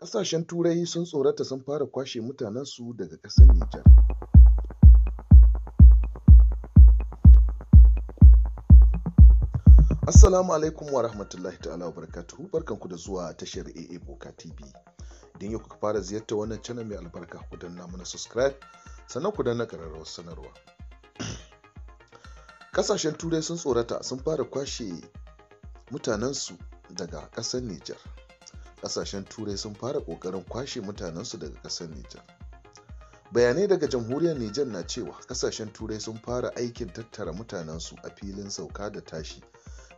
Ƙasashen Turai sun tsorata sun fara kwashe mutanensu daga ƙasar Nijar. Assalamu alaikum wa rahmatullahi ta'ala wa barkanku da zuwa tashar AA Boka TV. Idan yau kuka fara ziyarta wannan canal mai albarka ku danna mana subscribe sannan ku danna ƙararrawar sanarwa. Ƙasashen Turai sun tsorata sun fara kwashe mutanensu daga ƙasar Nijar. kasashen turai sun fara kokarin kwashe mutanensu daga kasar nijar bayanai daga jamhuriyar nijar na cewa kasashen turai sun fara aikin tattara mutanensu a filin sauka da tashi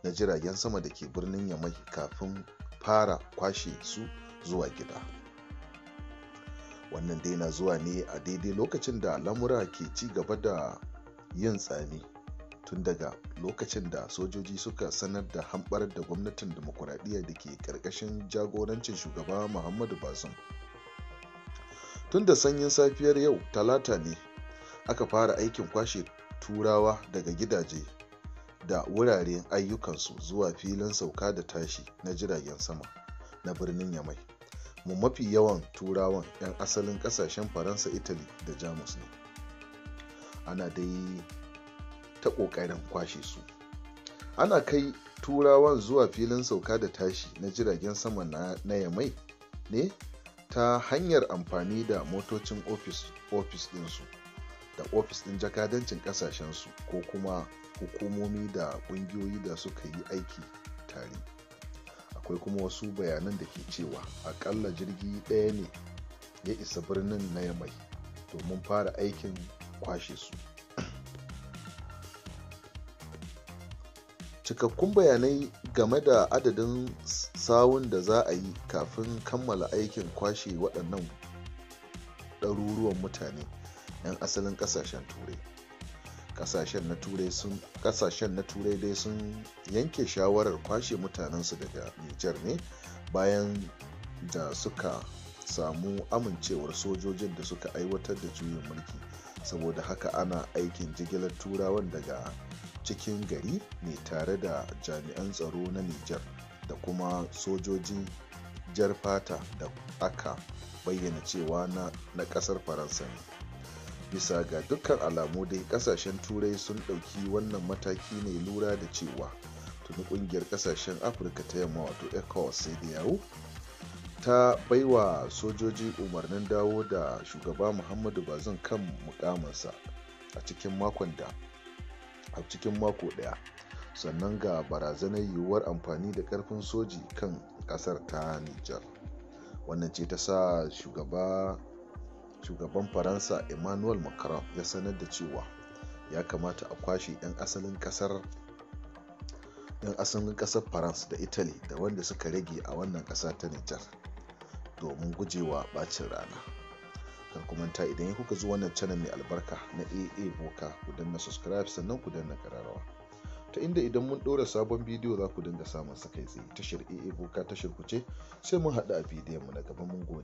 na jiragen sama da ke birnin yamai kafin fara kwashe su zuwa gida wannan dai na zuwa ne a daidai lokacin da lamura ke ci gaba da yin tsami tun daga lokacin da sojoji suka sanar da hamɓar da gwamnatin demokuraɗiyya da ke ƙarƙashin jagorancin shugaba muhammadu bazum tun da sanyin safiyar yau talata ne aka fara aikin kwashe turawa daga gidaje da wuraren ayyukansu zuwa filin sauka da tashi na jiragen sama na birnin yamai mu mafi yawan turawan 'yan asalin kasashen faransa italy da jamus ne ana dai ta ƙoƙarin kwashe su ana kai turawan zuwa filin sauka da tashi na jiragen sama na yamai ne ta hanyar amfani da motocin ofis ɗinsu da ofis ɗin jakadancin ƙasashensu ko kuma hukumomi da ƙungiyoyi da suka yi aiki tare akwai kuma wasu bayanan da ke cewa akalla jirgi ɗaya ne ya isa birnin na yamai domin fara aikin kwashe su cikakkun bayanai game da adadin sawun da za a yi kafin kammala aikin kwashe waɗannan ɗaruruwan mutane 'yan asalin ƙasashen turai ƙasashen na turai dai sun yanke shawarar kwashe mutanensu daga nijar ne bayan da suka samu amincewar sojojin da suka aiwatar da juyin mulki saboda haka ana aikin jigilar turawan daga cikin gari ne tare da jami'an tsaro na Nijar da kuma sojojin jar fata da aka bayyana cewa na kasar faransa ne bisa ga dukkan alamu dai kasashen turai sun ɗauki wannan mataki ne lura da cewa tuni ƙungiyar ƙasashen afirka ta yamma wato ecowas sai da yawo ta baiwa sojoji umarnin dawo da shugaba muhammadu bazin kan mukaminsa a cikin makon da a cikin mako daya sannan ga barazanar yiwuwar amfani da karfin soji kan kasar ta nijar wannan ce ta sa shugaban faransa emmanuel macron ya sanar da cewa ya kamata a kwashe 'yan asalin kasar yan da italy da wanda suka rage a wannan kasa ta nijar domin gujewa bacin rana kar idan manta idan kuka zo wannan channel mai albarka na AA Boka ku danna subscribe sannan ku danna kararrawa ta inda idan mun ɗora sabon bidiyo za ku dinga samun sa kai tsaye tashar AA Boka tashar ku ce sai mun haɗu a bidiyon mu na gaba mun gode